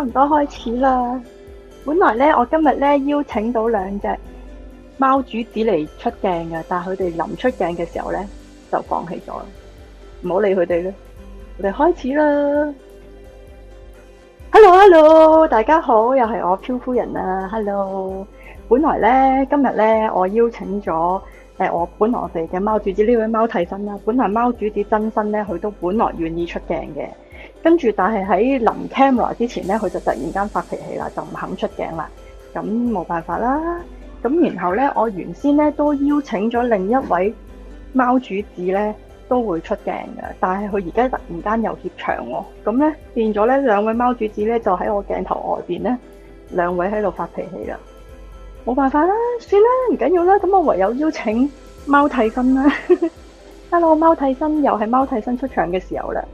差唔多開始啦。本來咧，我今日咧邀請到兩隻貓主子嚟出鏡嘅，但係佢哋臨出鏡嘅時候咧，就放棄咗。唔好理佢哋啦，我哋開始啦。Hello Hello，大家好，又係我漂夫人啊。Hello，本來咧今日咧，我邀請咗誒、呃，我本來我哋嘅貓主子呢位貓替身啦，本來貓主子真身咧，佢都本來願意出鏡嘅。跟住，但係喺臨 camera 之前咧，佢就突然間發脾氣啦，就唔肯出鏡啦。咁冇辦法啦。咁然後呢，我原先呢都邀請咗另一位貓主子呢，都會出鏡嘅，但係佢而家突然間又怯場喎、哦。咁呢，變咗呢兩位貓主子呢，就喺我鏡頭外邊呢，兩位喺度發脾氣啦。冇辦法啦，算啦，唔緊要啦。咁我唯有邀請貓替身啦。 Hello，貓替身又係貓替身出場嘅時候啦。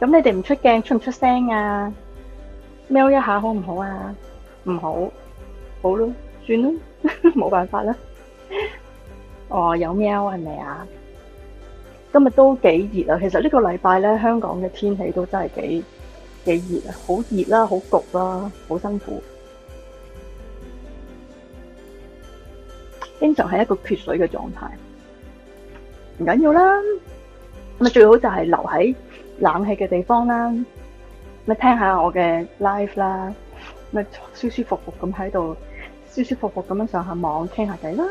咁你哋唔出鏡，出唔出聲啊？喵一下好唔好啊？唔好，好咯，算啦，冇辦法啦。哦，有喵係咪啊？今日都幾熱啊！其實個呢個禮拜咧，香港嘅天氣都真係幾幾熱啊，好熱啦，好、啊、焗啦、啊，好辛苦、啊。經常係一個缺水嘅狀態，唔緊要啦。咁啊，最好就係留喺。冷氣嘅地方啦，咪聽下我嘅 live 啦，咪舒舒服服咁喺度，舒舒服服咁樣上下網傾下偈啦。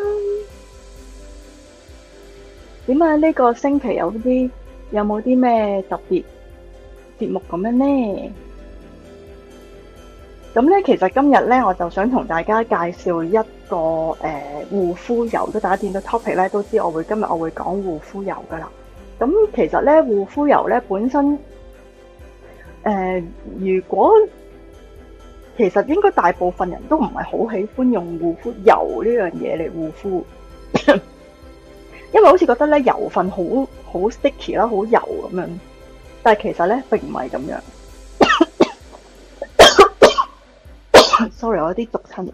點解呢個星期有啲，有冇啲咩特別節目咁樣呢？咁咧，其實今日咧，我就想同大家介紹一個誒，護、呃、膚油，大家見到 topic 咧，都知我會今日我會講護膚油噶啦。咁其實咧，護膚油咧本身，誒，如果其實應該大部分人都唔係好喜歡用護膚油呢樣嘢嚟護膚，因為好似覺得咧油份好好 sticky 啦，好油咁樣。但係其實咧並唔係咁樣。Sorry，我有啲毒親。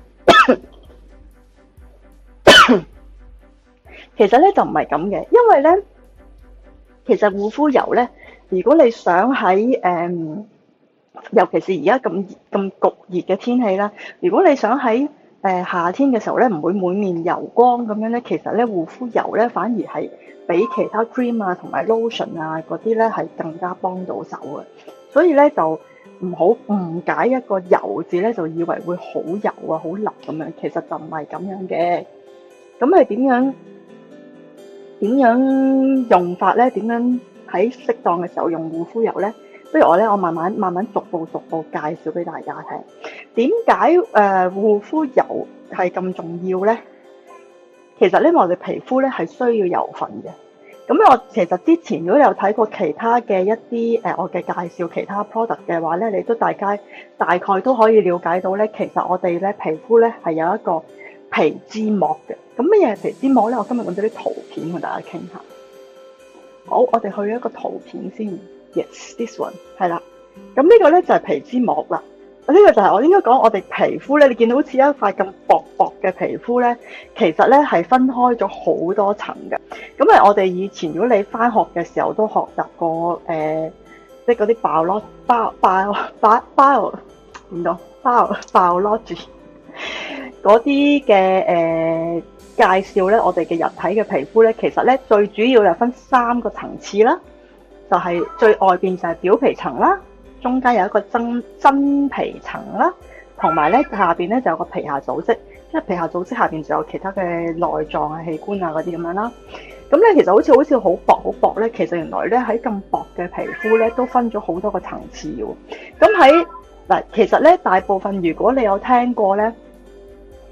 其實咧就唔係咁嘅，因為咧。其實護膚油咧，如果你想喺誒、嗯，尤其是而家咁熱咁焗熱嘅天氣啦，如果你想喺誒、呃、夏天嘅時候咧，唔會滿面油光咁樣咧，其實咧護膚油咧反而係比其他 cream 啊同埋 lotion 啊嗰啲咧係更加幫到手嘅。所以咧就唔好誤解一個油字咧，就以為會好油啊好笠咁樣，其實就唔係咁樣嘅。咁係點樣？點樣用法呢？點樣喺適當嘅時候用護膚油呢？不如我咧，我慢慢慢慢逐步逐步介紹俾大家聽。點解誒護膚油係咁重要呢？其實咧，我哋皮膚咧係需要油份嘅。咁我其實之前如果有睇過其他嘅一啲誒、呃、我嘅介紹其他 product 嘅話呢，你都大家大概都可以了解到呢。其實我哋咧皮膚呢係有一個皮脂膜嘅。咁咩嘢係皮脂膜咧？我今日揾咗啲圖片同大家傾下。好，我哋去一個圖片先。Yes, this one 係啦。咁呢個咧就係皮脂膜啦。呢、這個就係、是、我應該講我哋皮膚咧，你見到好似一塊咁薄薄嘅皮膚咧，其實咧係分開咗好多層嘅。咁啊，我哋以前如果你翻學嘅時候都學習過誒，即嗰啲爆攞包包包包點講？包爆攞住嗰啲嘅誒。呃介紹咧，我哋嘅人體嘅皮膚咧，其實咧最主要就分三個層次啦，就係最外邊就係表皮層啦，中間有一個真真皮層啦，同埋咧下邊咧就有個皮下組織，即係皮下組織下邊就有其他嘅內臟嘅器官啊嗰啲咁樣啦。咁咧其實好似好似好薄好薄咧，其實原來咧喺咁薄嘅皮膚咧都分咗好多個層次喎。咁喺嗱，其實咧大部分如果你有聽過咧。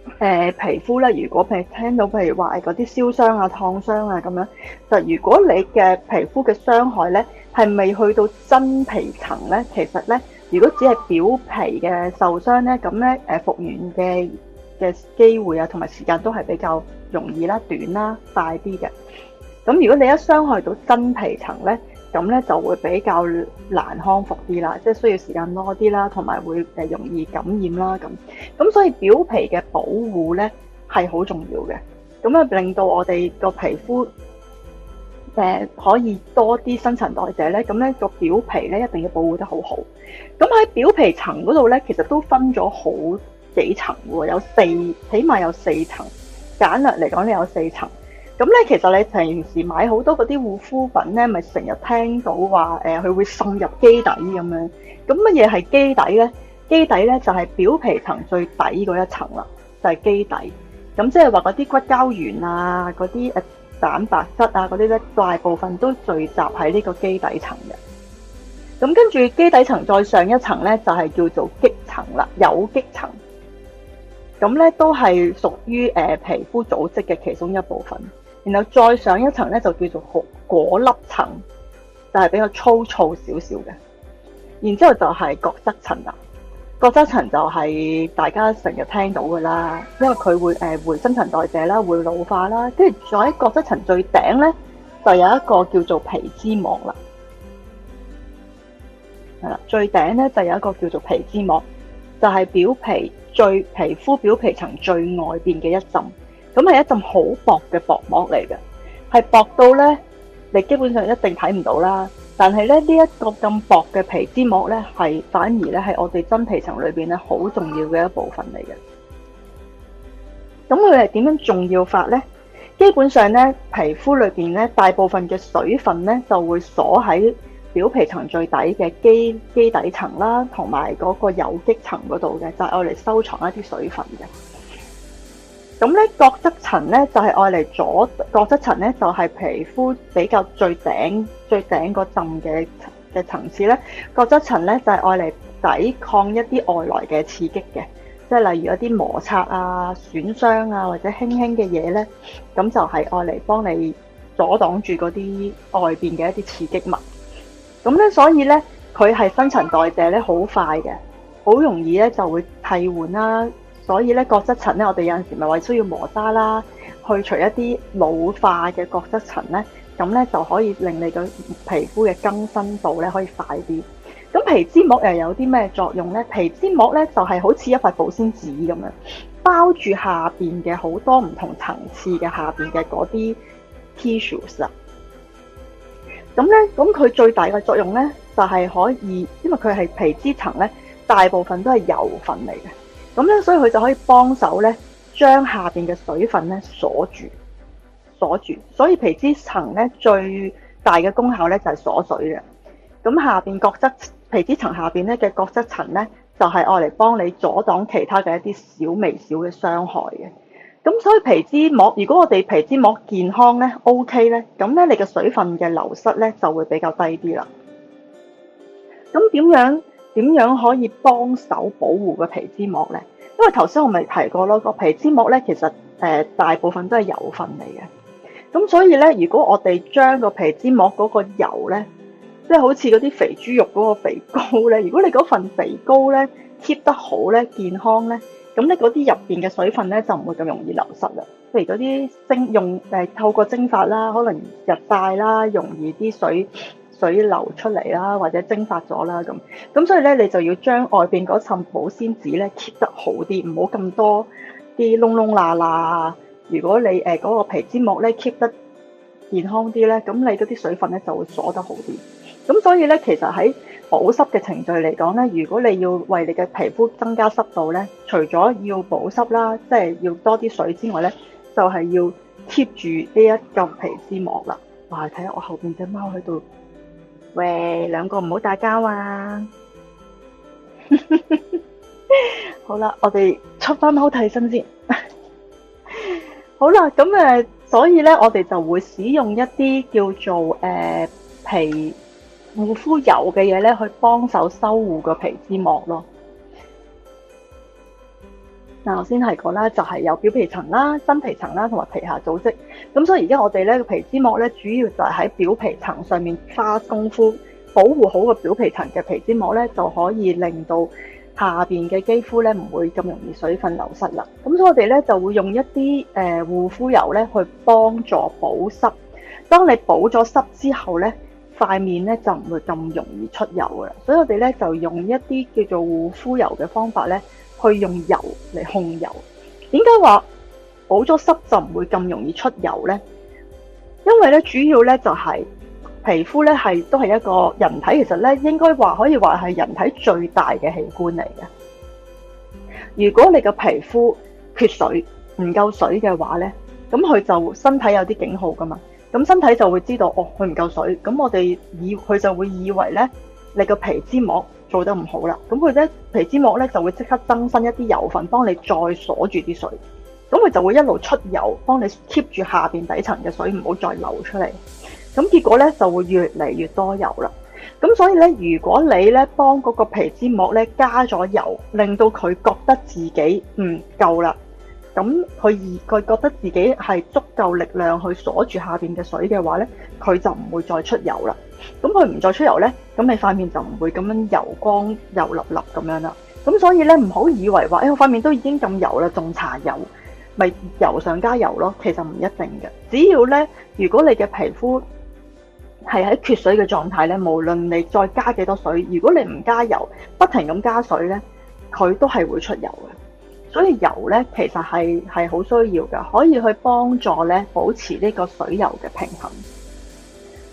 誒、呃，皮膚咧，如果譬如聽到譬如話係嗰啲燒傷啊、燙傷啊咁樣，就如果你嘅皮膚嘅傷害咧，係未去到真皮層咧，其實咧，如果只係表皮嘅受傷咧，咁咧，誒、呃，復原嘅嘅機會啊，同埋時間都係比較容易啦、啊、短啦、啊、快啲嘅。咁如果你一傷害到真皮層咧，咁咧就會比較難康復啲啦，即係需要時間多啲啦，同埋會誒容易感染啦咁，咁所以表皮嘅保護咧係好重要嘅。咁啊令到我哋個皮膚誒可以多啲新陳代謝咧，咁咧個表皮咧一定要保護得好好。咁喺表皮層嗰度咧，其實都分咗好幾層喎，有四，起碼有四層。簡略嚟講呢有四層。咁咧，其實你平時買好多嗰啲護膚品咧，咪成日聽到話誒佢會滲入肌底咁樣。咁乜嘢係肌底咧？肌底咧就係表皮層最底嗰一層啦，就係肌底。咁即係話嗰啲骨膠原啊，嗰啲誒蛋白質啊嗰啲咧，大部分都聚集喺呢個肌底層嘅。咁跟住肌底層再上一層咧，就係叫做棘層啦，有棘層。咁咧都係屬於誒皮膚組織嘅其中一部分。然後再上一層咧，就叫做果顆粒層，就係比較粗糙少少嘅。然之後就係角質層啦，角質層就係大家成日聽到嘅啦，因為佢會誒會新陳代謝啦，會老化啦，跟住再喺角質層最頂咧就有一個叫做皮脂膜啦，係啦，最頂咧就有一個叫做皮脂膜，就係、是、表皮最皮膚表皮層最外邊嘅一層。咁係一浸好薄嘅薄膜嚟嘅，係薄到呢，你基本上一定睇唔到啦。但係咧呢一、這個咁薄嘅皮脂膜呢，係反而呢，係我哋真皮層裏邊呢好重要嘅一部分嚟嘅。咁佢係點樣重要法呢？基本上呢，皮膚裏邊呢，大部分嘅水分呢，就會鎖喺表皮層最底嘅基基底層啦，同埋嗰個有棘層嗰度嘅，就係我嚟收藏一啲水分嘅。咁咧，角質層咧就係愛嚟阻，角質層咧就係、是、皮膚比較最頂最頂嗰陣嘅嘅層次咧，角質層咧就係愛嚟抵抗一啲外來嘅刺激嘅，即係例如一啲摩擦啊、損傷啊或者輕輕嘅嘢咧，咁就係愛嚟幫你阻擋住嗰啲外邊嘅一啲刺激物。咁咧，所以咧，佢係新陳代謝咧好快嘅，好容易咧就會替換啦、啊。所以咧角質層咧，我哋有陣時咪話需要磨砂啦，去除一啲老化嘅角質層咧，咁咧就可以令你嘅皮膚嘅更新度咧可以快啲。咁皮脂膜又有啲咩作用咧？皮脂膜咧就係、是、好似一塊保鮮紙咁樣，包住下邊嘅好多唔同層次嘅下邊嘅嗰啲 tissues。咁咧，咁佢最大嘅作用咧，就係、是、可以，因為佢係皮脂層咧，大部分都係油分嚟嘅。咁咧，所以佢就可以幫手咧，將下邊嘅水分咧鎖住，鎖住。所以皮脂層咧最大嘅功效咧就係鎖水嘅。咁下邊角質皮脂層下邊咧嘅角質層咧，就係愛嚟幫你阻擋其他嘅一啲小微小嘅傷害嘅。咁所以皮脂膜，如果我哋皮脂膜健康咧，OK 咧，咁咧你嘅水分嘅流失咧就會比較低啲啦。咁點樣？點樣可以幫手保護個皮脂膜呢？因為頭先我咪提過咯，個皮脂膜呢其實誒大部分都係油份嚟嘅。咁所以呢，如果我哋將個皮脂膜嗰個油呢，即係好似嗰啲肥豬肉嗰個肥膏呢，如果你嗰份肥膏呢 keep 得好呢，健康呢，咁你嗰啲入邊嘅水分呢就唔會咁容易流失啦。譬如嗰啲蒸用誒透過蒸發啦，可能日曬啦，容易啲水。水流出嚟啦，或者蒸發咗啦，咁咁所以咧，你就要將外邊嗰層保鮮紙咧 keep 得好啲，唔好咁多啲窿窿罅罅。如果你誒嗰、呃嗰個皮脂膜咧 keep 得健康啲咧，咁你嗰啲水分咧就會鎖得好啲。咁所以咧，其實喺保濕嘅程序嚟講咧，如果你要為你嘅皮膚增加濕度咧，除咗要保濕啦，即係要多啲水之外咧，就係、係、要 keep 住呢一嚿皮脂膜啦。哇！睇下我後邊隻貓喺度～喂，兩個唔好打交啊！好啦，我哋出翻個替身先。好啦，咁誒，所以咧，我哋就會使用一啲叫做誒皮護膚油嘅嘢咧，去幫手修護個皮脂膜咯。嗱，我先係講啦，就係有表皮層啦、真皮層啦，同埋皮下組織。咁所以而家我哋咧個皮脂膜咧，主要就係喺表皮層上面花功夫保護好個表皮層嘅皮脂膜咧，就可以令到下邊嘅肌膚咧唔會咁容易水分流失啦。咁所以我哋咧就會用一啲誒護膚油咧去幫助補濕。當你補咗濕之後咧，塊面咧就唔會咁容易出油噶啦。所以我哋咧就用一啲叫做護膚油嘅方法咧。去用油嚟控油，點解話補咗濕就唔會咁容易出油呢？因為咧主要咧就係、是、皮膚咧係都係一個人體，其實咧應該話可以話係人體最大嘅器官嚟嘅。如果你嘅皮膚缺水唔夠水嘅話咧，咁佢就身體有啲警號噶嘛，咁身體就會知道哦佢唔夠水，咁我哋以佢就會以為咧你個皮脂膜。做得唔好啦，咁佢咧皮脂膜咧就會即刻增生一啲油份，幫你再鎖住啲水，咁佢就會一路出油，幫你 keep 住下邊底層嘅水唔好再流出嚟，咁結果咧就會越嚟越多油啦。咁所以咧，如果你咧幫嗰個皮脂膜咧加咗油，令到佢覺得自己唔夠啦，咁佢而佢覺得自己係足夠力量去鎖住下邊嘅水嘅話咧，佢就唔會再出油啦。咁佢唔再出油呢，咁你塊面就唔會咁樣油光油粒粒咁樣啦。咁所以呢，唔好以為話誒塊面都已經咁油啦，仲搽油，咪油上加油咯。其實唔一定嘅。只要呢，如果你嘅皮膚係喺缺水嘅狀態呢，無論你再加幾多水，如果你唔加油，不停咁加水呢，佢都係會出油嘅。所以油呢，其實係係好需要嘅，可以去幫助呢，保持呢個水油嘅平衡。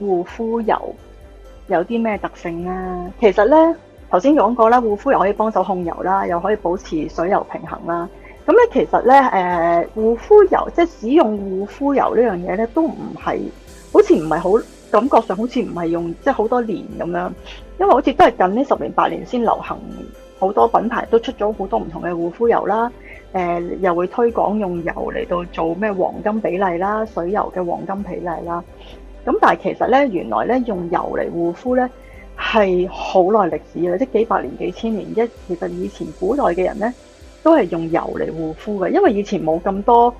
護膚油有啲咩特性咧？其實咧頭先講過啦，護膚油可以幫手控油啦，又可以保持水油平衡啦。咁咧其實咧誒護膚油，即使用護膚油呢樣嘢咧，都唔係好似唔係好感覺上好似唔係用即係好多年咁樣，因為好似都係近呢十年八年先流行，好多品牌都出咗好多唔同嘅護膚油啦。誒又會推廣用油嚟到做咩黃金比例啦，水油嘅黃金比例啦。咁但係其實咧，原來咧用油嚟護膚咧係好耐歷史嘅，即係幾百年、幾千年。即其實以前古代嘅人咧，都係用油嚟護膚嘅，因為以前冇咁多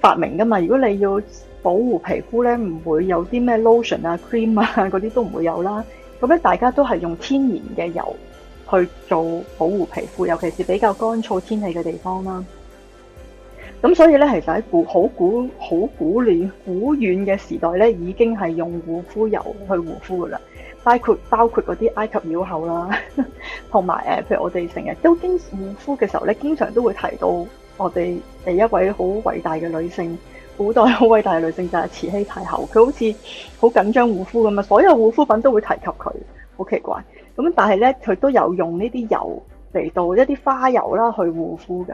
發明㗎嘛。如果你要保護皮膚咧，唔會有啲咩 lotion 啊 cream 啊嗰啲都唔會有啦。咁咧大家都係用天然嘅油去做保護皮膚，尤其是比較乾燥天氣嘅地方啦。咁所以咧，其實喺古好古好古，古遠古遠嘅時代咧，已經係用護膚油去護膚噶啦，包括包括啲埃及廟后啦，同埋、呃、譬如我哋成日都經護膚嘅時候咧，經常都會提到我哋第一位好偉大嘅女性，古代好偉大嘅女性就係慈禧太后，佢好似好緊張護膚咁啊，所有護膚品都會提及佢，好奇怪。咁但係咧，佢都有用呢啲油嚟到一啲花油啦去護膚㗎。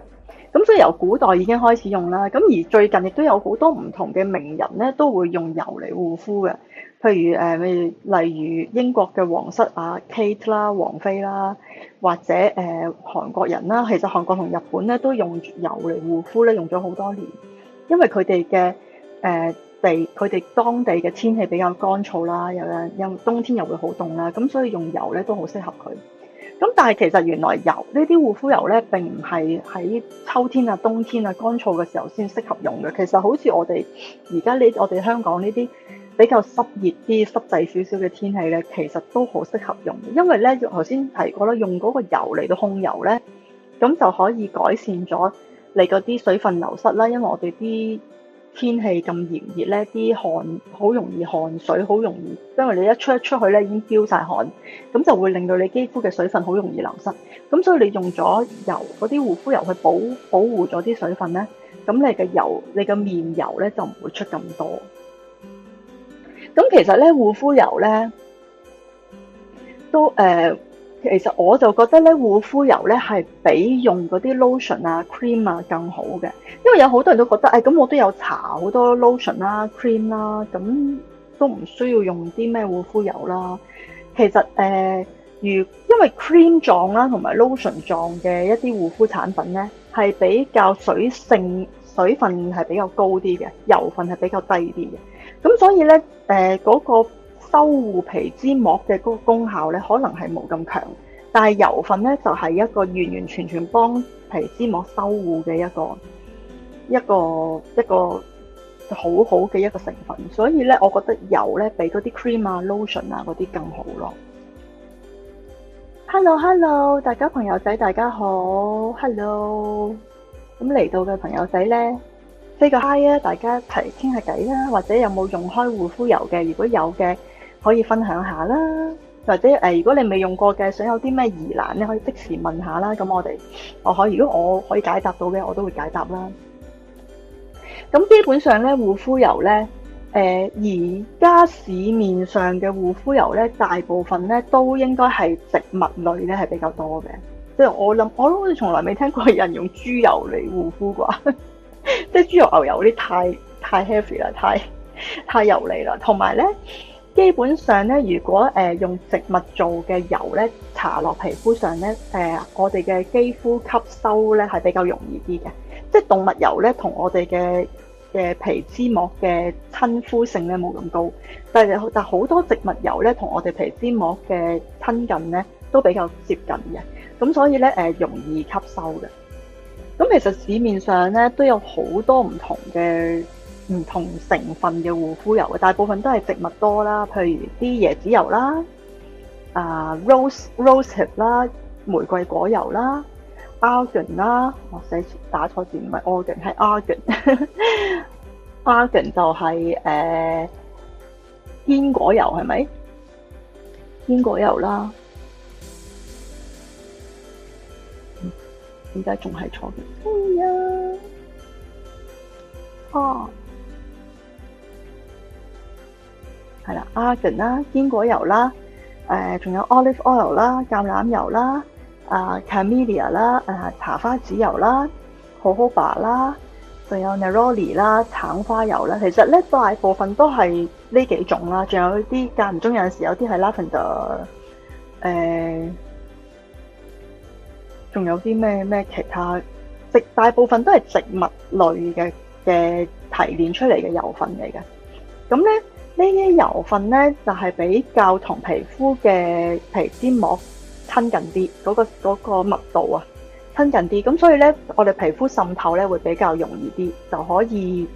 咁所以由古代已經開始用啦，咁而最近亦都有好多唔同嘅名人咧都會用油嚟護膚嘅，譬如、呃、例如英國嘅皇室啊 Kate 啦、王妃啦，或者誒、呃、韓國人啦，其實韓國同日本咧都用油嚟護膚咧用咗好多年，因為佢哋嘅誒地佢哋當地嘅天氣比較乾燥啦，又冬天又會好凍啦，咁所以用油咧都好適合佢。咁但係其實原來油呢啲護膚油呢，並唔係喺秋天啊、冬天啊、乾燥嘅時候先適合用嘅。其實好似我哋而家呢，我哋香港呢啲比較濕熱啲、濕滯少少嘅天氣呢，其實都好適合用的。因為呢，頭先提過啦，用嗰個油嚟到控油呢，咁就可以改善咗你嗰啲水分流失啦。因為我哋啲天氣咁炎熱咧，啲汗好容易汗水，好容易，因為你一出一出去咧已經飆晒汗，咁就會令到你肌膚嘅水分好容易流失。咁所以你用咗油嗰啲護膚油去保保護咗啲水分咧，咁你嘅油、你嘅面油咧就唔會出咁多。咁其實咧護膚油咧都誒。呃其實我就覺得咧護膚油咧係比用嗰啲 lotion 啊 cream 啊更好嘅，因為有好多人都覺得，誒、哎、咁我都有搽好多 lotion 啦、啊、cream 啦、啊，咁都唔需要用啲咩護膚油啦。其實誒、呃，如因為 cream 狀啦同埋 lotion 狀嘅一啲護膚產品咧，係比較水性、水份係比較高啲嘅，油份係比較低啲嘅，咁所以咧誒嗰個。修護皮脂膜嘅個功效咧，可能係冇咁強，但係油份咧就係、是、一個完完全全幫皮脂膜修護嘅一個一個一個，一個好好嘅一個成分，所以咧，我覺得油咧比嗰啲 cream 啊、lotion 啊嗰啲更好咯。Hello，Hello，hello, 大家朋友仔，大家好，Hello，咁嚟到嘅朋友仔咧，飛個嗨啊，大家一齊傾下偈啦，或者有冇用開護膚油嘅？如果有嘅。可以分享下啦，或者、呃、如果你未用過嘅，想有啲咩疑難，你可以即時問下啦。咁我哋我可以，如果我可以解答到嘅，我都會解答啦。咁基本上咧，護膚油咧，誒、呃、而家市面上嘅護膚油咧，大部分咧都應該係植物類咧係比較多嘅。即係我諗，我都好似從來未聽過人用豬油嚟護膚啩。即 係豬油、牛油啲，太太 heavy 啦，太太油膩啦，同埋咧。基本上咧，如果誒用植物做嘅油咧，搽落皮膚上咧，誒我哋嘅肌膚吸收咧係比較容易啲嘅。即係動物油咧，同我哋嘅嘅皮脂膜嘅親膚性咧冇咁高，但係但係好多植物油咧，同我哋皮脂膜嘅親近咧都比較接近嘅，咁所以咧誒容易吸收嘅。咁其實市面上咧都有好多唔同嘅。唔同成分嘅護膚油嘅，大部分都係植物多啦，譬如啲椰子油啦，啊、uh, rose rosehip 啦，玫瑰果油啦，argan 啦，我寫打錯字，唔係 argan 係 argan，argan 就係誒堅果油係咪？堅果油啦，點解仲係錯嘅？哦、哎。啊係啦 a r g o n 啦，堅果油啦，誒、呃、仲有 olive oil 啦，橄欖油啦，啊 carmelia 啦，啊茶花籽油啦 c o b a 啦，仲有 neroli 啦，橙花油啦。其實咧大部分都係呢幾種啦，仲有啲間唔中有陣時有啲係 lavender，誒、呃，仲有啲咩咩其他大部分都係植物類嘅嘅提煉出嚟嘅油份嚟嘅，咁咧。呢啲油分咧，就係、是、比較同皮膚嘅皮脂膜親近啲，嗰、那個、那個密度啊，親近啲。咁所以咧，我哋皮膚滲透咧會比較容易啲，就可以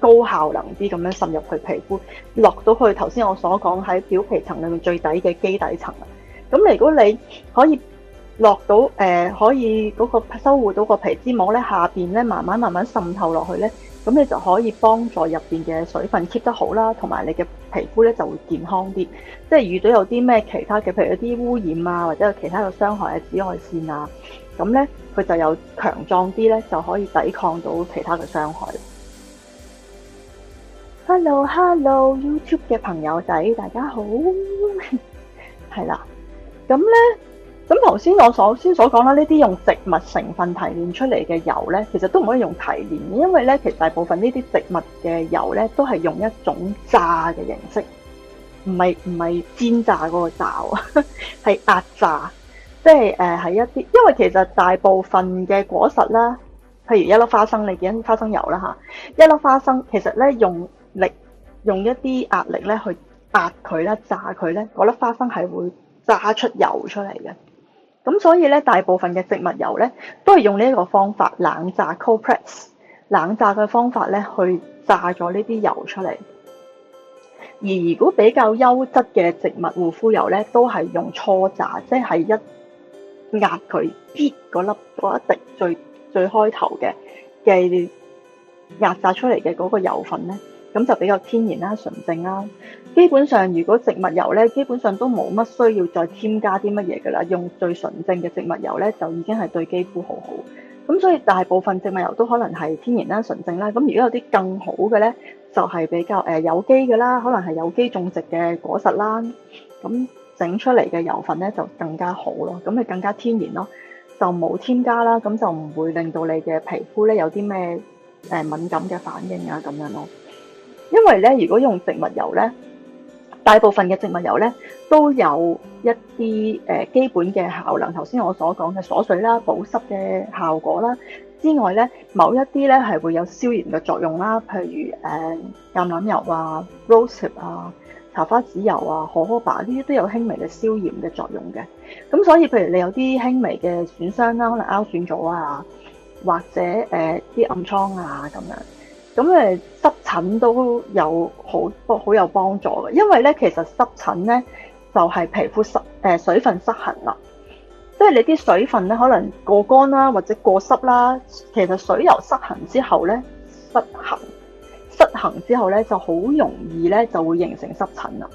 高效能啲咁樣滲入去皮膚，落到去頭先我所講喺表皮層裏面最底嘅基底層啦。咁如果你可以落到誒、呃，可以嗰、那個修護到個皮脂膜咧，下邊咧慢慢慢慢滲透落去咧。咁你就可以幫助入邊嘅水分 keep 得好啦，同埋你嘅皮膚咧就會健康啲。即係遇到有啲咩其他嘅，譬如有啲污染啊，或者有其他嘅傷害啊，紫外線啊，咁咧佢就有強壯啲咧，就可以抵抗到其他嘅傷害。Hello，Hello，YouTube 嘅朋友仔，大家好，係 啦，咁咧。咁頭先我所先所講啦，呢啲用植物成分提煉出嚟嘅油呢，其實都唔可以用提煉嘅，因為呢，其實大部分呢啲植物嘅油呢，都係用一種榨嘅形式，唔係唔係煎炸嗰個炸啊，係 壓榨，即係誒係一啲，因為其實大部分嘅果實啦，譬如一粒花生，你見花生油啦嚇，一粒花生其實呢，用力用一啲壓力呢去壓佢啦，榨佢呢，嗰粒花生係會榨出油出嚟嘅。咁所以咧，大部分嘅植物油咧，都係用呢一個方法冷榨 （cold press） 冷榨嘅方法咧，去榨咗呢啲油出嚟。而如果比較優質嘅植物護膚油咧，都係用初榨，即係一壓佢搣嗰粒嗰一滴最最開頭嘅嘅壓榨出嚟嘅嗰個油份咧。咁就比較天然啦、啊、純正啦、啊。基本上，如果植物油呢，基本上都冇乜需要再添加啲乜嘢噶啦。用最純正嘅植物油呢，就已經係對肌膚好好。咁所以大部分植物油都可能係天然啦、啊、純正啦、啊。咁如果有啲更好嘅呢，就係、是、比較誒、呃、有機嘅啦，可能係有機種植嘅果實啦，咁整出嚟嘅油份呢，就更加好咯。咁就更加天然咯，就冇添加啦。咁就唔會令到你嘅皮膚呢，有啲咩誒敏感嘅反應啊咁樣咯。因為咧，如果用植物油咧，大部分嘅植物油咧都有一啲、呃、基本嘅效能。頭先我所講嘅鎖水啦、保濕嘅效果啦，之外咧，某一啲咧係會有消炎嘅作用啦。譬如誒、呃，橄欖油啊、Rosehip 啊、茶花籽油啊、可可巴，呢啲都有輕微嘅消炎嘅作用嘅。咁所以譬如你有啲輕微嘅損傷啦，可能凹損咗啊，或者啲、呃、暗瘡啊咁樣。咁誒，濕疹都有好幫好有幫助嘅，因為咧其實濕疹咧就係、係、皮膚濕誒、呃、水分失衡啦，即、就、係、係、你啲水分咧可能過乾啦或者過濕啦，其實水油失衡之後咧失衡失衡之後咧就好容易咧就會形成濕疹啦。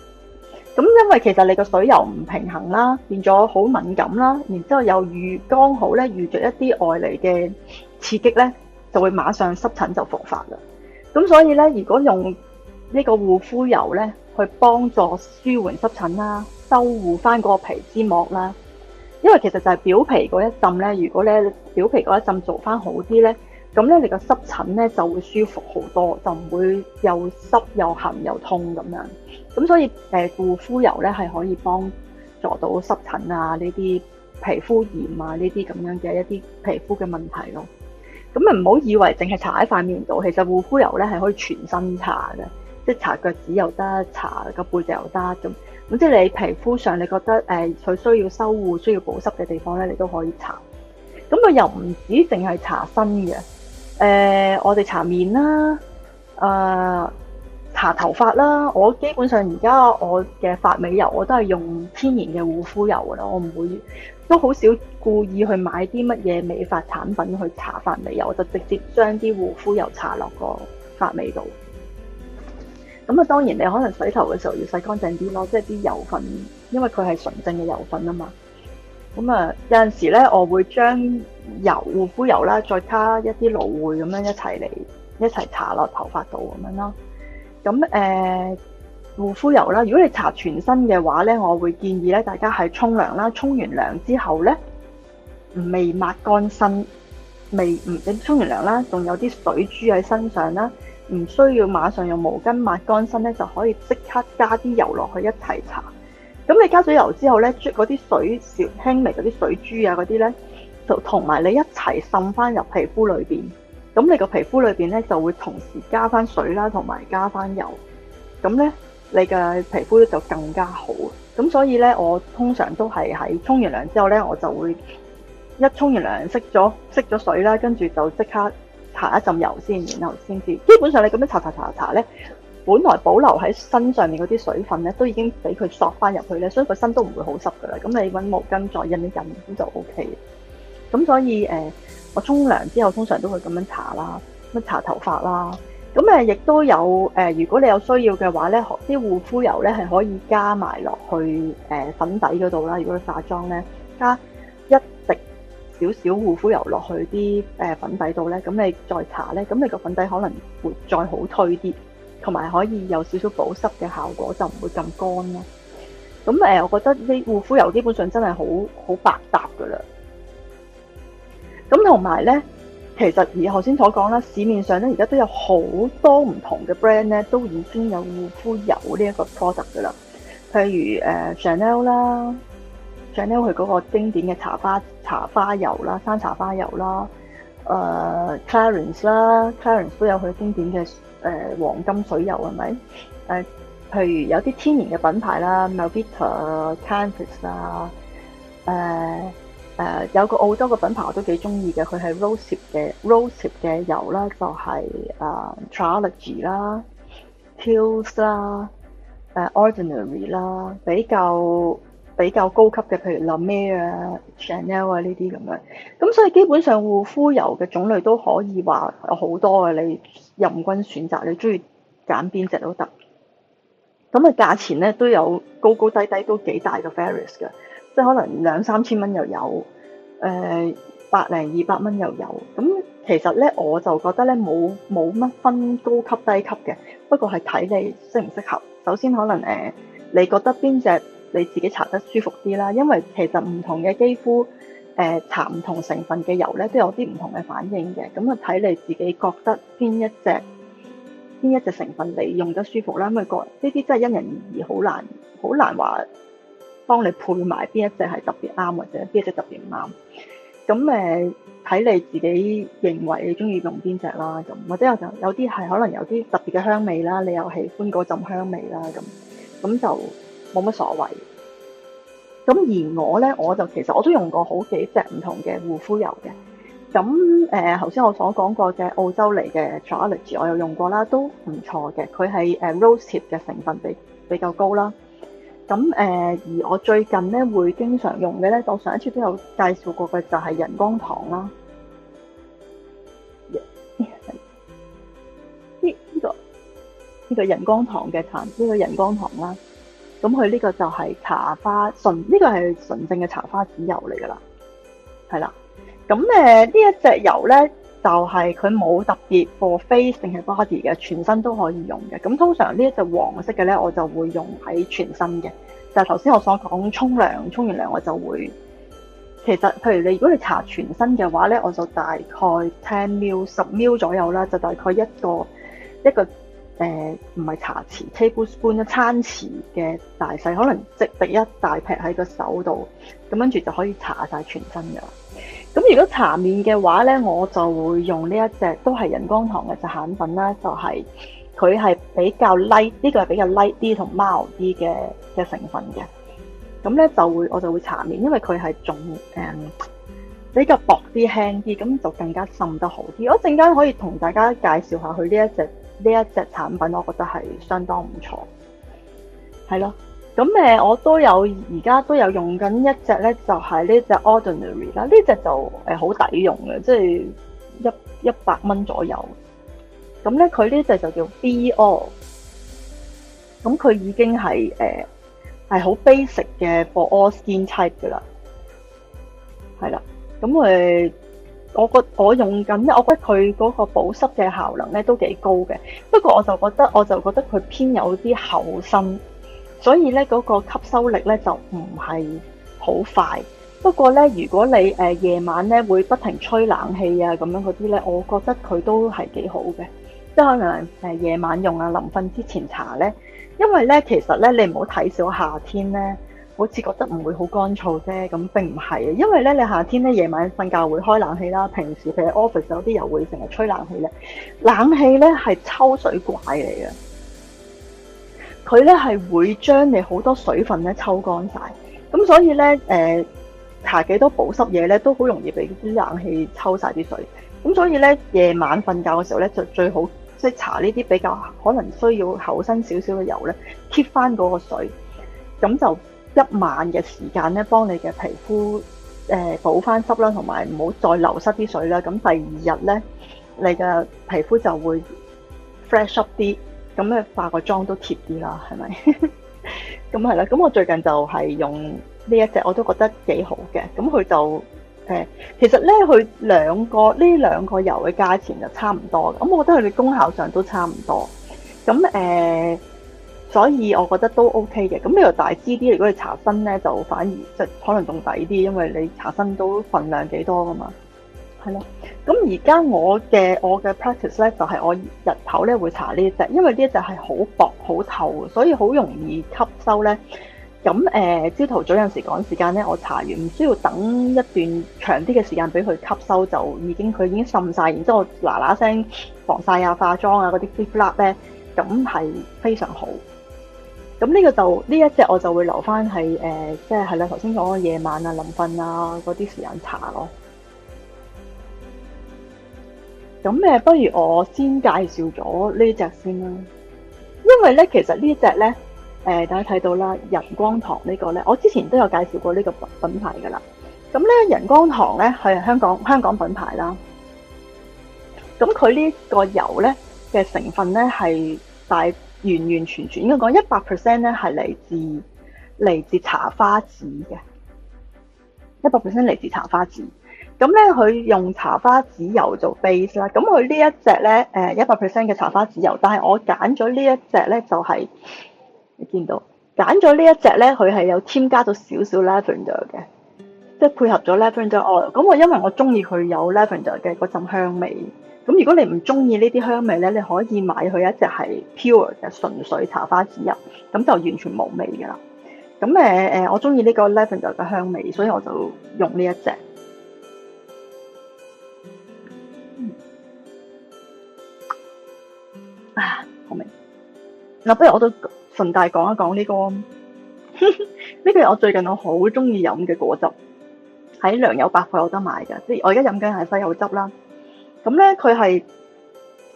咁因為其實你個水油唔平衡啦，變咗好敏感啦，然之後又遇剛好咧遇着一啲外嚟嘅刺激咧，就會馬上濕疹就復發啦。咁所以咧，如果用呢個護膚油咧，去幫助舒緩濕疹啦，修護翻嗰個皮脂膜啦。因為其實就係表皮嗰一浸咧，如果咧表皮嗰一浸做翻好啲咧，咁咧你個濕疹咧就會舒服好多，就唔會又濕又痕又痛咁樣。咁所以誒，護膚油咧係可以幫助到濕疹啊呢啲皮膚炎啊呢啲咁樣嘅一啲皮膚嘅問題咯。咁咪唔好以為淨係搽喺塊面度，其實護膚油咧係可以全身搽嘅，即係搽腳趾又得，搽個背脊又得咁。咁即係你皮膚上你覺得誒佢需要修護、需要保濕嘅地方咧，你都可以搽。咁佢又唔止淨係搽身嘅，誒、呃，我哋搽面啦，啊、呃，搽頭髮啦。我基本上而家我嘅髮尾油我都係用天然嘅護膚油噶啦，我唔會。都好少故意去買啲乜嘢美髮產品去搽髮尾油，我就直接將啲護膚油搽落個髮尾度。咁啊，當然你可能洗頭嘅時候要洗乾淨啲咯，即係啲油份，因為佢係純正嘅油份啊嘛。咁啊，有陣時咧，我會將油護膚油啦，再加一啲蘆薈咁樣一齊嚟，一齊搽落頭髮度咁樣咯。咁誒。呃護膚油啦，如果你搽全身嘅話咧，我會建議咧大家係沖涼啦，沖完涼之後咧，未抹乾身，未唔你沖完涼啦，仲有啲水珠喺身上啦，唔需要馬上用毛巾抹乾身咧，就可以即刻加啲油落去一齊搽。咁你加咗油之後咧，嗰啲水小輕微嗰啲水珠啊嗰啲咧，就同埋你一齊滲翻入皮膚裏邊。咁你個皮膚裏邊咧就會同時加翻水啦，同埋加翻油。咁咧。你嘅皮膚就更加好，咁所以咧，我通常都係喺沖完涼之後咧，我就會一沖完涼，熄咗熄個水啦，跟住就即刻搽一浸油先，然後先至。基本上你咁樣搽搽搽搽咧，本來保留喺身上面嗰啲水分咧，都已經俾佢索翻入去咧，所以個身都唔會好濕噶啦。咁你搵毛巾再印一印，咁就 O、OK、K。咁所以誒、呃，我沖涼之後通常都會咁樣搽啦，乜搽頭髮啦。咁亦都有、呃、如果你有需要嘅話咧，啲護膚油咧係可以加埋落去誒、呃、粉底嗰度啦。如果你化妝咧，加一滴少少護膚油落去啲、呃、粉底度咧，咁你再搽咧，咁你個粉底可能會再好推啲，同埋可以有少少保濕嘅效果，就唔會咁乾咯。咁、呃、我覺得啲護膚油基本上真係好好百搭噶啦。咁同埋咧。其實而頭先所講啦，市面上咧而家都有好多唔同嘅 brand 咧，都已經有護膚油呢一個 product 噶啦。譬如誒 Chanel、呃、啦，Chanel 佢嗰個經典嘅茶花茶花油啦，山茶花油啦，誒、呃、Clarins 啦 Clarins 都有佢經典嘅誒、呃、黃金水油係咪？誒、呃，譬如有啲天然嘅品牌啦，Melvita、Camphistat 誒、uh, 有個澳洲嘅品牌我都幾中意嘅，佢係 Rosehip 嘅 Rosehip 嘅油咧，就係、是、誒、uh, Trilogy 啦、Kills 啦、誒、uh, Ordinary 啦，比較比較高級嘅，譬如 La Mer 啊、Chanel 啊呢啲咁樣。咁所以基本上護膚油嘅種類都可以話有好多嘅，你任君選擇，你中意揀邊隻都得。咁啊，價錢咧都有高高低低，都幾大嘅 varies 嘅。即係可能兩三千蚊又有，誒、呃、百零二百蚊又有。咁其實咧，我就覺得咧冇冇乜分高級低級嘅，不過係睇你適唔適合。首先可能誒、呃，你覺得邊隻你自己搽得舒服啲啦。因為其實唔同嘅肌膚誒搽唔同成分嘅油咧，都有啲唔同嘅反應嘅。咁啊，睇你自己覺得邊一隻邊一隻成分你用得舒服啦。咁啊，個呢啲真係因人而異，好難好難話。幫你配埋邊一隻係特別啱或者邊一隻特別唔啱，咁誒睇你自己認為你鍾意用邊隻啦，咁或者就有時有啲係可能有啲特別嘅香味啦，你又喜歡嗰陣香味啦，咁咁就冇乜所謂。咁而我咧，我就其實我都用過好幾隻唔同嘅護膚油嘅，咁誒頭先我所講過嘅澳洲嚟嘅 Trilogy，我有用過啦，都唔錯嘅，佢係誒 rosehip 嘅成分比比較高啦。咁誒，而我最近咧會經常用嘅咧，我上一次都有介紹過嘅，就係人光堂啦。呢呢、這個呢、這個人光堂嘅產呢個人光堂啦，咁佢呢個就係茶花純呢、這個係純正嘅茶花籽油嚟噶啦，係啦。咁、呃、呢一隻油咧。就係佢冇特別 for face 定係 body 嘅，全身都可以用嘅。咁通常呢一隻黃色嘅呢，我就會用喺全身嘅。就頭先我所講沖涼，沖完涼我就會其實，譬如你如果你搽全身嘅話呢，我就大概 ten 秒十秒左右啦，就大概一個一個誒唔係茶匙 tablespoon 一餐匙嘅大細，可能直第一大撇喺個手度，咁跟住就可以搽晒全身噶啦。咁如果搽面嘅話呢，我就會用呢一隻都係人工堂嘅隻產品啦，就係佢係比較 light，呢、呢個係比較 light 啲同毛啲嘅嘅成分嘅。咁呢就會我就會搽面，因為佢係重誒比較薄啲輕啲，咁就更加滲得好啲。我陣間可以同大家介紹下佢呢一隻呢一隻產品，我覺得係相當唔錯，係咯。咁誒我都有而家都有用緊一隻咧，就係呢隻 Ordinary 啦。呢隻就好抵用嘅，即係一一百蚊左右。咁咧，佢呢隻就叫 B.O. 咁，佢已經係係好 basic 嘅 For All Skin Type 㗎啦。係啦，咁誒我覺我用緊，我覺得佢嗰個保濕嘅效能咧都幾高嘅。不過我就覺得，我就覺得佢偏有啲厚身。所以咧嗰個吸收力咧就唔係好快。不過咧，如果你誒、呃、夜晚咧會不停吹冷氣啊咁樣嗰啲咧，我覺得佢都係幾好嘅。即係可能誒、呃、夜晚用啊，臨瞓之前搽咧。因為咧，其實咧你唔好睇小夏天咧，好似覺得唔會好乾燥啫。咁並唔係，因為咧你夏天咧夜晚瞓覺會開冷氣啦，平時譬如 office 有啲又會成日吹冷氣咧。冷氣咧係抽水怪嚟嘅。佢咧係會將你好多水分咧抽乾晒，咁所以咧誒搽幾多保濕嘢咧都好容易俾啲冷氣抽晒啲水，咁所以咧夜晚瞓覺嘅時候咧就最好即係搽呢啲比較可能需要厚身少少嘅油咧 keep 翻嗰個水，咁就一晚嘅時間咧幫你嘅皮膚誒、呃、補翻濕啦，同埋唔好再流失啲水啦，咁第二日咧你嘅皮膚就會 fresh up 啲。咁你化個妝都貼啲啦，係咪？咁係啦，咁我最近就係用呢一隻，我都覺得幾好嘅。咁佢就、呃、其實咧佢兩個呢兩個油嘅價錢就差唔多，咁我覺得佢哋功效上都差唔多。咁誒、呃，所以我覺得都 OK 嘅。咁譬如大支啲，如果你搽身咧，就反而即係可能仲抵啲，因為你搽身都份量幾多噶嘛。係咯，咁而家我嘅我嘅 practice 咧，就係、是、我日頭咧會搽呢隻，因為呢隻係好薄好透，所以好容易吸收咧。咁誒，朝、呃、頭早有陣時趕時間咧，我搽完唔需要等一段長啲嘅時間俾佢吸收，就已經佢已經滲晒，然之後嗱嗱聲防晒啊、化妝啊嗰啲 lip lab 咧，咁係非常好。咁呢個就呢一隻，我就會留翻係誒，即係係啦，頭先講嘅夜晚啊、臨瞓啊嗰啲時間搽咯。咁咪不如我先介紹咗呢隻先啦，因為咧，其實隻呢隻咧，誒、呃，大家睇到啦，人光堂個呢個咧，我之前都有介紹過呢個品牌㗎喇。咁咧，人光堂咧係香港香港品牌啦。咁佢呢個油咧嘅成分咧係大完完全全應該講一百 percent 咧係嚟自嚟自茶花籽嘅，一百 percent 嚟自茶花籽。咁咧，佢用茶花籽油做 base 啦。咁佢呢一隻咧，誒一百 percent 嘅茶花籽油。但係我揀咗呢一隻咧，就係你見到揀咗呢一隻咧，佢係有添加咗少少 lavender 嘅，即係配合咗 lavender oil。咁我因為我中意佢有 lavender 嘅嗰陣香味。咁如果你唔中意呢啲香味咧，你可以買佢一隻係 pure 嘅純粹茶花籽油，咁就完全冇味噶啦。咁誒誒，我中意呢個 lavender 嘅香味，所以我就用呢一隻。啊，好明。嗱，不如我都順帶講一講呢、這個呢 個係我最近我好中意飲嘅果汁，喺良友百貨有得賣㗎。即係我而家飲緊係西柚汁啦。咁咧，佢係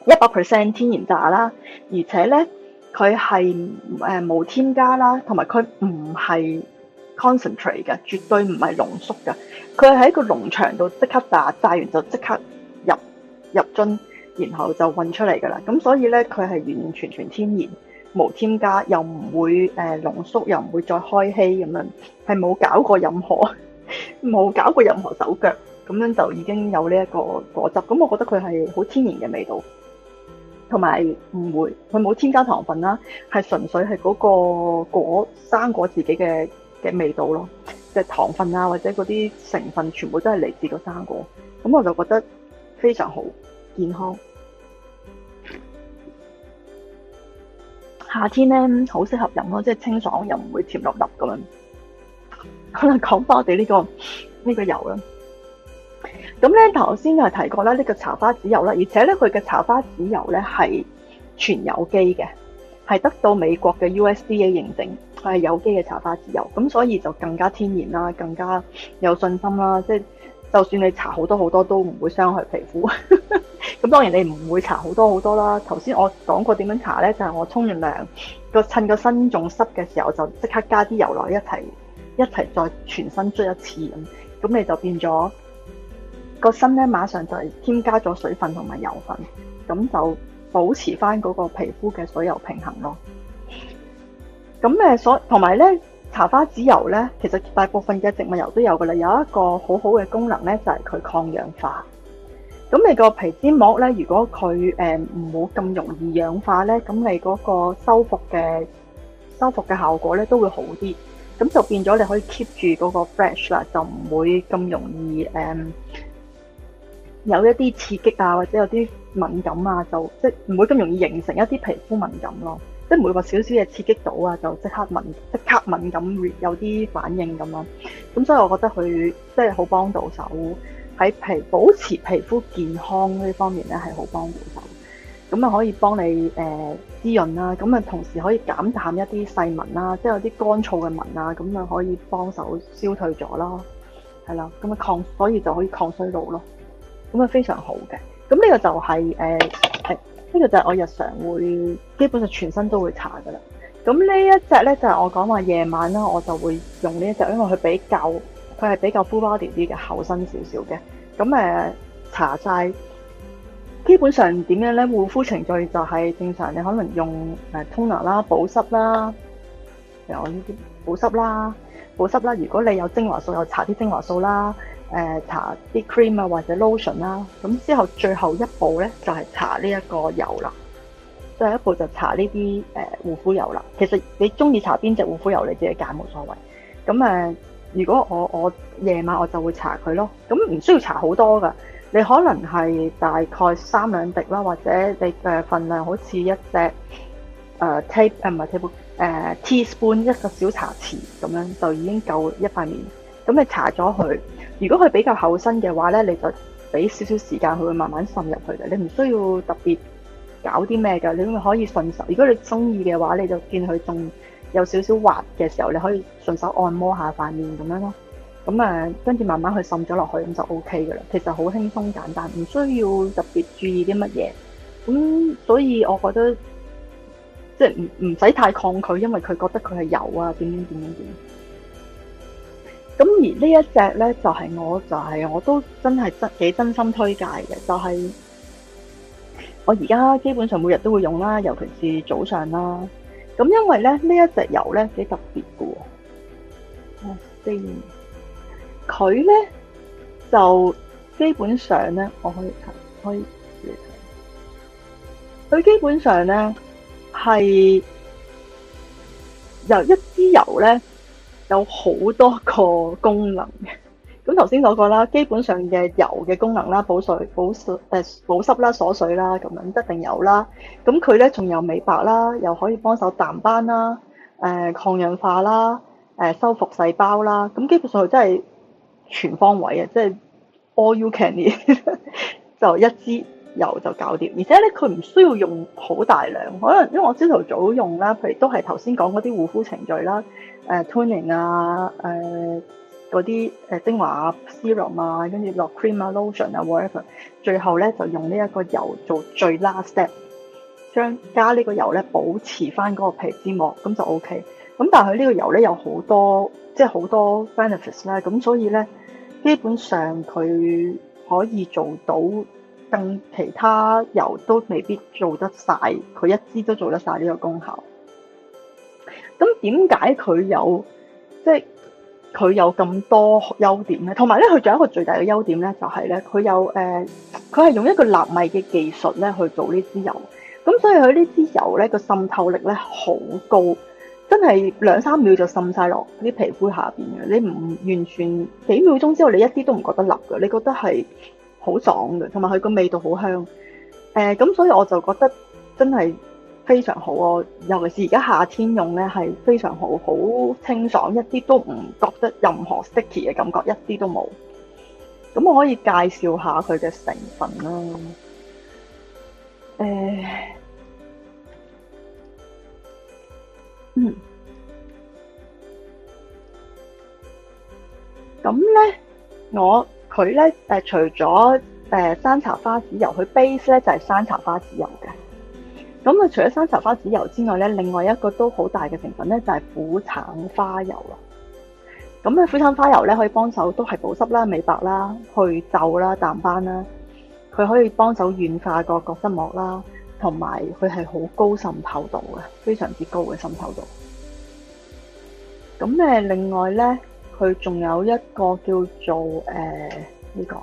一百 percent 天然榨啦，而且咧佢係誒冇添加啦，同埋佢唔係 concentrate 嘅，絕對唔係濃縮㗎。佢係喺個農場度即刻榨，榨完就即刻入入樽。入然後就混出嚟㗎啦，咁所以呢，佢係完全全天然，無添加，又唔會濃縮，又唔會再開稀咁樣，係冇搞過任何，冇搞過任何手腳，咁樣就已經有呢一個果汁。咁我覺得佢係好天然嘅味道，同埋唔會，佢冇添加糖分啦，係純粹係嗰個果生果自己嘅嘅味道咯，即係糖分啊或者嗰啲成分全部都係嚟自個生果，咁我就覺得非常好健康。夏天咧好適合飲咯，即係清爽又唔會甜粒粒咁樣。可能講翻我哋呢、這個呢、這個油啦。咁咧頭先又提過啦，呢、這個茶花籽油啦，而且咧佢嘅茶花籽油咧係全有機嘅，係得到美國嘅 USDA 嘅認證，係有機嘅茶花籽油。咁所以就更加天然啦，更加有信心啦。即係就算你搽好多好多都唔會傷害皮膚。 咁當然你唔會搽好多好多啦。頭先我講過點樣搽呢？就係我沖完涼個趁個身仲濕嘅時候，就即刻加啲油落一齊，一齊再全身捽一次咁。咁你就變咗個身呢，馬上就係添加咗水分同埋油分，咁就保持翻嗰個皮膚嘅水油平衡咯。咁誒，所同埋呢茶花籽油呢，其實大部分嘅植物油都有㗎啦，有一個好好嘅功能呢，就係佢抗氧化。咁你個皮脂膜咧，如果佢誒唔好咁容易氧化咧，咁你嗰個修復嘅修復嘅效果咧都會好啲。咁就變咗你可以 keep 住嗰個 fresh 啦，就唔會咁容易誒、嗯、有一啲刺激啊，或者有啲敏感啊，就即唔會咁容易形成一啲皮膚敏感咯。即每個少少嘢刺激到啊，就即刻敏即刻敏感，即刻敏感有啲反應咁樣。咁所以我覺得佢即係好幫到手。喺皮保持皮膚健康呢方面咧，係好幫到手。咁啊，可以幫你誒、呃、滋潤啦。咁啊，同時可以減淡一啲細紋啦，即係有啲乾燥嘅紋啊。咁啊，可以幫手消退咗咯。係啦，咁啊抗，所以就可以抗衰老咯。咁啊，非常好嘅。咁呢個就係誒係呢個就係我日常會基本上全身都會搽噶啦。咁呢一隻咧就係、我講話夜晚啦，我就會用呢一隻，因為佢比較。佢係比較 full body 啲嘅，厚身少少嘅。咁誒，搽曬基本上點樣咧？護膚程序就係正常，你可能用誒 toner 啦、保濕啦，有呢啲保濕啦、保濕啦。如果你有精華素，又搽啲精華素啦，誒搽啲 cream 啊或者 lotion 啦。咁之後最後一步咧就係搽呢一個油啦。最後一步就搽呢啲誒護膚油啦。其實你中意搽邊隻護膚油，你自己揀冇所謂。咁誒如果我我夜晚我就會搽佢咯，咁唔需要搽好多噶，你可能係大概三兩滴啦，或者你誒份量好似一隻誒、呃、tape 誒、呃、唔係 table 誒、呃、teaspoon 一個小茶匙咁樣就已經夠一塊面。咁你搽咗佢，如果佢比較厚身嘅話咧，你就俾少少時間佢會慢慢滲入去嘅，你唔需要特別搞啲咩嘅，你咪可以順手。如果你中意嘅話，你就見佢仲，有少少滑嘅時候，你可以順手按摩下塊面咁樣咯。咁啊，跟住慢慢去滲咗落去，咁就 OK 嘅啦。其實好輕鬆簡單，唔需要特別注意啲乜嘢。咁所以我覺得即係唔唔使太抗拒，因為佢覺得佢係油啊，點點點點點。咁而呢一隻咧，就係我，就係我都真係真幾真心推介嘅，就係我而家基本上每日都會用啦，尤其是早上啦。咁因為咧呢一隻油咧幾特別嘅喎，先，佢咧就基本上咧我可以睇，可以你睇，佢基本上咧係由一支油咧有好多個功能嘅。咁頭先所講啦，基本上嘅油嘅功能啦，補水、補水誒、保濕啦、鎖水啦，咁樣一定有啦。咁佢咧仲有美白啦，又可以幫手淡斑啦，誒、呃、抗氧化啦，誒、呃、修復細胞啦。咁基本上真係全方位嘅，即、就、係、是、all you can need 就一支油就搞掂。而且咧，佢唔需要用好大量，可能因為我朝頭早用啦，譬如都係頭先講嗰啲護膚程序啦，誒、呃、toning 啊，誒、呃。嗰啲誒精華 serum 啊，跟住落 cream 啊、lotion 啊 whatever，最後咧就用呢一個油做最 last step，將加呢個油咧保持翻嗰個皮脂膜，膜，咁就 ok。咁但係佢呢個油咧有好多，即係好多 benefits 啦。咁所以咧，基本上佢可以做到，更其他油都未必做得晒，佢一支都做得晒呢個功效。咁點解佢有即係？佢有咁多優點咧，同埋咧佢仲有一個最大嘅優點咧，就係咧佢有誒，佢、呃、係用一個納米嘅技術咧去做呢支油，咁所以佢呢支油咧個滲透力咧好高，真係兩三秒就滲晒落啲皮膚下邊嘅，你唔完全幾秒鐘之後你一啲都唔覺得立嘅，你覺得係好爽嘅，同埋佢個味道好香，誒、呃、咁所以我就覺得真係。非常好哦，尤其是而家夏天用咧，係非常好，好清爽，一啲都唔覺得任何 sticky 嘅感覺，一啲都冇。咁我可以介紹下佢嘅成分啦。誒，嗯，咁咧，我佢咧除咗誒、呃、山茶花籽油，佢 base 咧就係、是、山茶花籽油嘅。咁啊，除咗山茶花籽油之外咧，另外一個都好大嘅成分咧，就係、是、苦橙花油啦。咁啊，苦橙花油咧可以幫手都係保濕啦、美白啦、去皺啦、淡斑啦。佢可以幫手軟化個角質膜啦，同埋佢係好高滲透度嘅，非常之高嘅滲透度。咁誒，另外咧，佢仲有一個叫做誒呢、呃這個。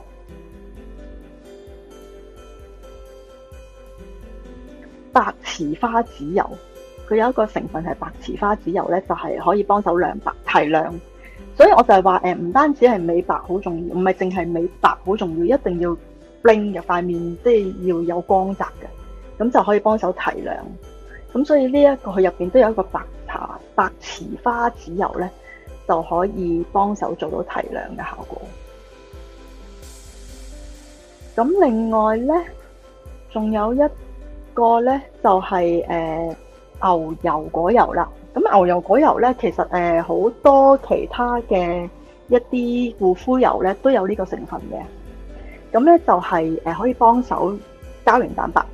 白池花籽油，佢有一個成分係白池花籽油咧，就係、是、可以幫手亮白提亮，所以我就係話誒，唔、欸、單止係美白好重要，唔係淨係美白好重要，一定要 bling 入塊面，即係要有光澤嘅，咁就可以幫手提亮。咁所以呢、這、一個佢入邊都有一個白茶白池花籽油咧，就可以幫手做到提亮嘅效果。咁另外咧，仲有一個咧就係誒牛油果油啦，咁牛油果油咧其實誒好多其他嘅一啲護膚油咧都有呢個成分嘅，咁咧就係、是、誒可以幫手膠原蛋白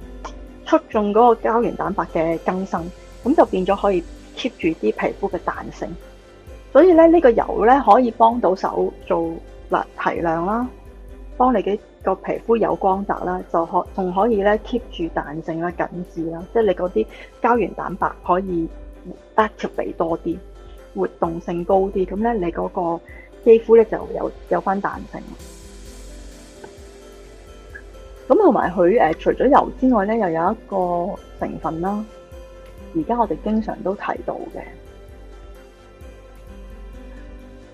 促進嗰個膠原蛋白嘅更新，咁就變咗可以 keep 住啲皮膚嘅彈性，所以咧呢個油咧可以幫到手做提亮啦，幫你嘅。個皮膚有光澤啦，就可仲可以咧 keep 住彈性啦，緊緻啦，即係你嗰啲膠原蛋白可以 activate 多啲，活動性高啲，咁咧你嗰個肌膚咧就有有翻彈性。咁同埋佢誒，除咗油之外咧，又有一個成分啦。而家我哋經常都提到嘅，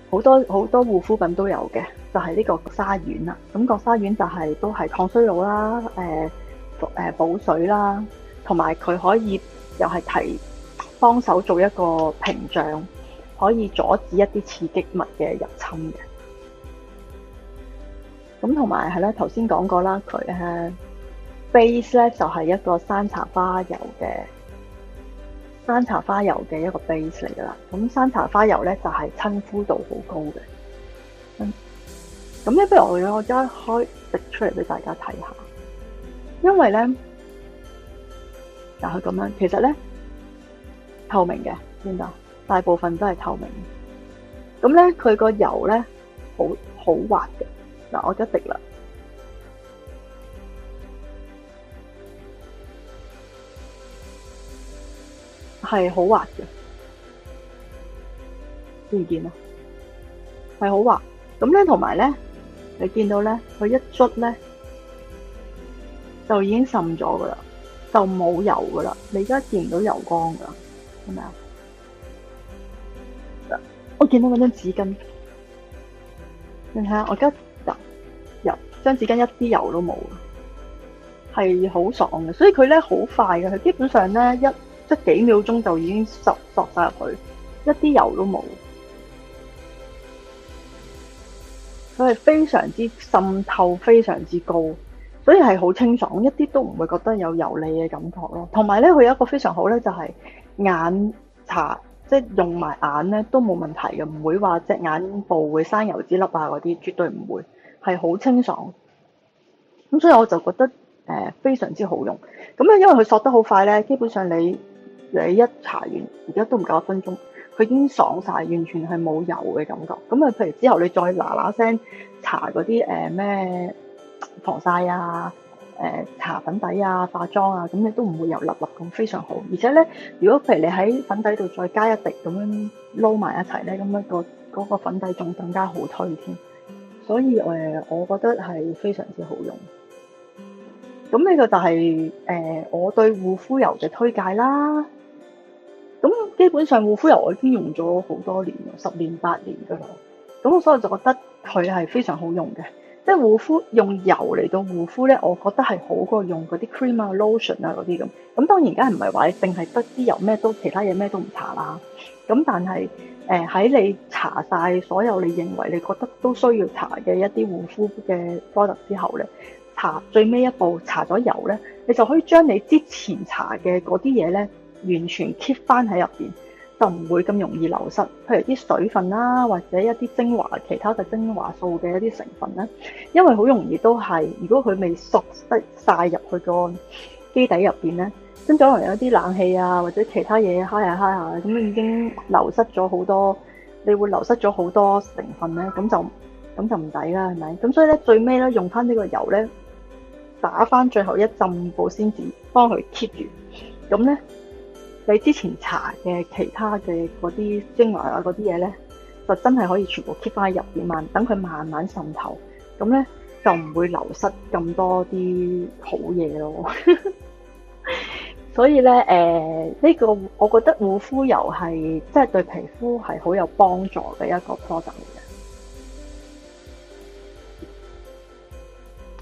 好多好多護膚品都有嘅，就係呢個角鯊烷啦。咁角鯊烷就係都係抗衰老啦，誒誒補水啦，同埋佢可以又係提幫手做一個屏障，可以阻止一啲刺激物嘅入侵嘅。咁同埋係呢頭先講過啦，佢咧 base 咧就係一個山茶花油嘅，山茶花油嘅一個 base 嚟噶啦，咁山茶花油咧就係親膚度好高嘅。咁，咁咧不如我我而家開滴出嚟俾大家睇下，因為咧，就係咁樣，其實咧透明嘅，見到大部分都係透明的。咁咧，佢個油咧好好滑嘅。嗱，我而家滴啦。係好滑嘅，見唔見啊？係好滑，咁咧同埋咧，你見到咧，佢一捽咧就已經滲咗噶啦，就冇油噶啦，你而家見唔到油光噶啦，係咪啊？我見到嗰張紙巾，你睇下，我而家油油張紙巾一啲油都冇，係好爽嘅，所以佢咧好快嘅，佢基本上咧一。即係幾秒鐘就已經索索晒入去，一啲油都冇。佢係非常之滲透，非常之高，所以係好清爽，一啲都唔會覺得有油膩嘅感覺咯。同埋咧，佢有一個非常好咧，就係、是、眼搽，即係用埋眼咧都冇問題嘅，唔會話隻眼部會生油脂粒啊嗰啲，絕對唔會，係好清爽。咁所以我就覺得誒、呃、非常之好用。咁樣，因為佢索得好快咧，基本上你。你一搽完，而家都唔夠一分鐘，佢已經爽晒，完全係冇油嘅感覺。咁啊，譬如之後你再嗱嗱聲搽嗰啲誒咩防曬啊、誒、呃、搽粉底啊、化妝啊，咁你都唔會油粒粒咁，非常好。而且咧，如果譬如你喺粉底度再加一滴咁樣撈埋一齊咧，咁樣個嗰個粉底仲更加好推添。所以誒、呃，我覺得係非常之好用。咁呢個就係、是、誒、呃、我對護膚油嘅推介啦。咁基本上護膚油我已經用咗好多年，十年八年㗎啦。咁我所以就覺得佢係非常好用嘅，即係護膚用油嚟到護膚咧，我覺得係好過用嗰啲 cream 啊、lotion 啊嗰啲咁。咁當然而家唔係話淨係得啲油咩都，其他嘢咩都唔搽啦。咁但係呃、喺你搽晒所有你認為你覺得都需要搽嘅一啲護膚嘅 product 之後咧，搽最尾一步搽咗油咧，你就可以將你之前搽嘅嗰啲嘢咧。完全 keep 翻喺入邊，就唔會咁容易流失。譬如啲水分啦、啊，或者一啲精華、其他嘅精華素嘅一啲成分咧，因為好容易都係，如果佢未鎖得晒入去個基底入邊咧，跟住可能有啲冷氣啊，或者其他嘢揩下揩下，咁已經流失咗好多，你會流失咗好多成分咧，咁就咁就唔抵啦，係咪？咁所以咧，最尾咧用翻呢個油咧，打翻最後一浸保鮮紙先至幫佢 keep 住，咁咧。你之前搽嘅其他嘅嗰啲精華啊，嗰啲嘢咧，就真係可以全部 keep 翻入面，慢等佢慢慢滲透，咁咧就唔會流失咁多啲好嘢咯。 所以咧，誒、呃、呢、呢個我覺得護膚油係即係對皮膚係好有幫助嘅一個 product 嚟嘅，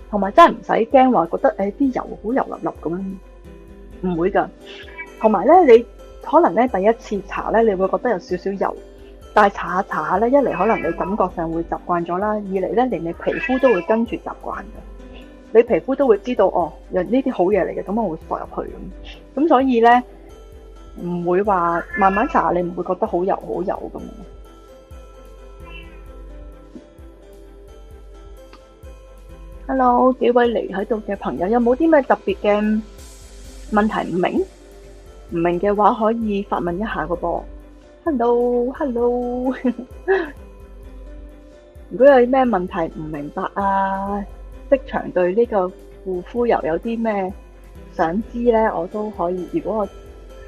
同埋真係唔使驚話覺得誒啲、欸、油好油立立咁樣，唔會㗎。同埋咧，你可能咧第一次搽咧，你會覺得有少少油，但係搽下搽下咧，一嚟可能你感覺上會習慣咗啦，二嚟咧連你皮膚都會跟住習慣嘅，你皮膚都會知道哦，有呢啲好嘢嚟嘅，咁我會放入去咁，咁所以咧唔會話慢慢搽你唔會覺得好油好油咁。Hello，幾位嚟喺度嘅朋友，有冇啲咩特別嘅問題唔明？唔明嘅話可以發問一下個噃，hello hello， 如果有咩問題唔明白啊，即場對呢個護膚油有啲咩想知咧，我都可以。如果我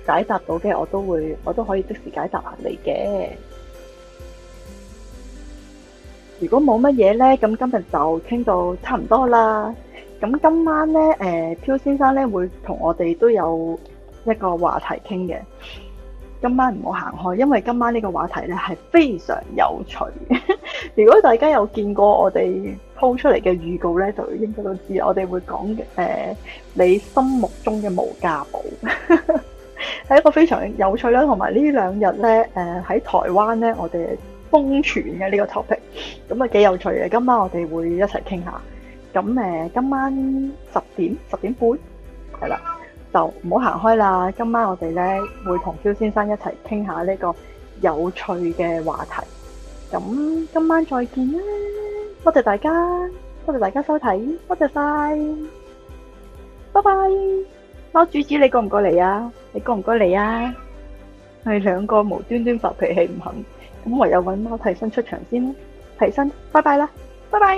解答到嘅，我都會我都可以即時解答下你嘅。如果冇乜嘢咧，咁今日就傾到差唔多啦。咁今晚咧，誒、呃，漂先生咧會同我哋都有。一個話題傾嘅，今晚唔好行開，因為今晚呢個話題呢係非常有趣的。 如果大家有見過我哋鋪出嚟嘅預告呢，就應該都知我哋會講嘅，誒、呃，你心目中嘅無價寶，係 一個非常有趣啦。同埋呢兩日呢，誒、呃、喺台灣呢，我哋瘋傳嘅呢個 topic，咁啊幾有趣嘅。今晚我哋會一齊傾下，咁誒、呃，今晚十點十點半，係啦。就唔好行開啦！今晚我哋咧會同蕭先生一齊傾下呢個有趣嘅話題。咁今晚再見啦！多謝大家，多謝大家收睇，多謝晒，拜拜。貓主子你過唔過嚟啊？你過唔過嚟啊？我哋兩個無端端發脾氣唔肯，咁唯有搵貓替身出場先啦。替身，拜拜啦，拜拜。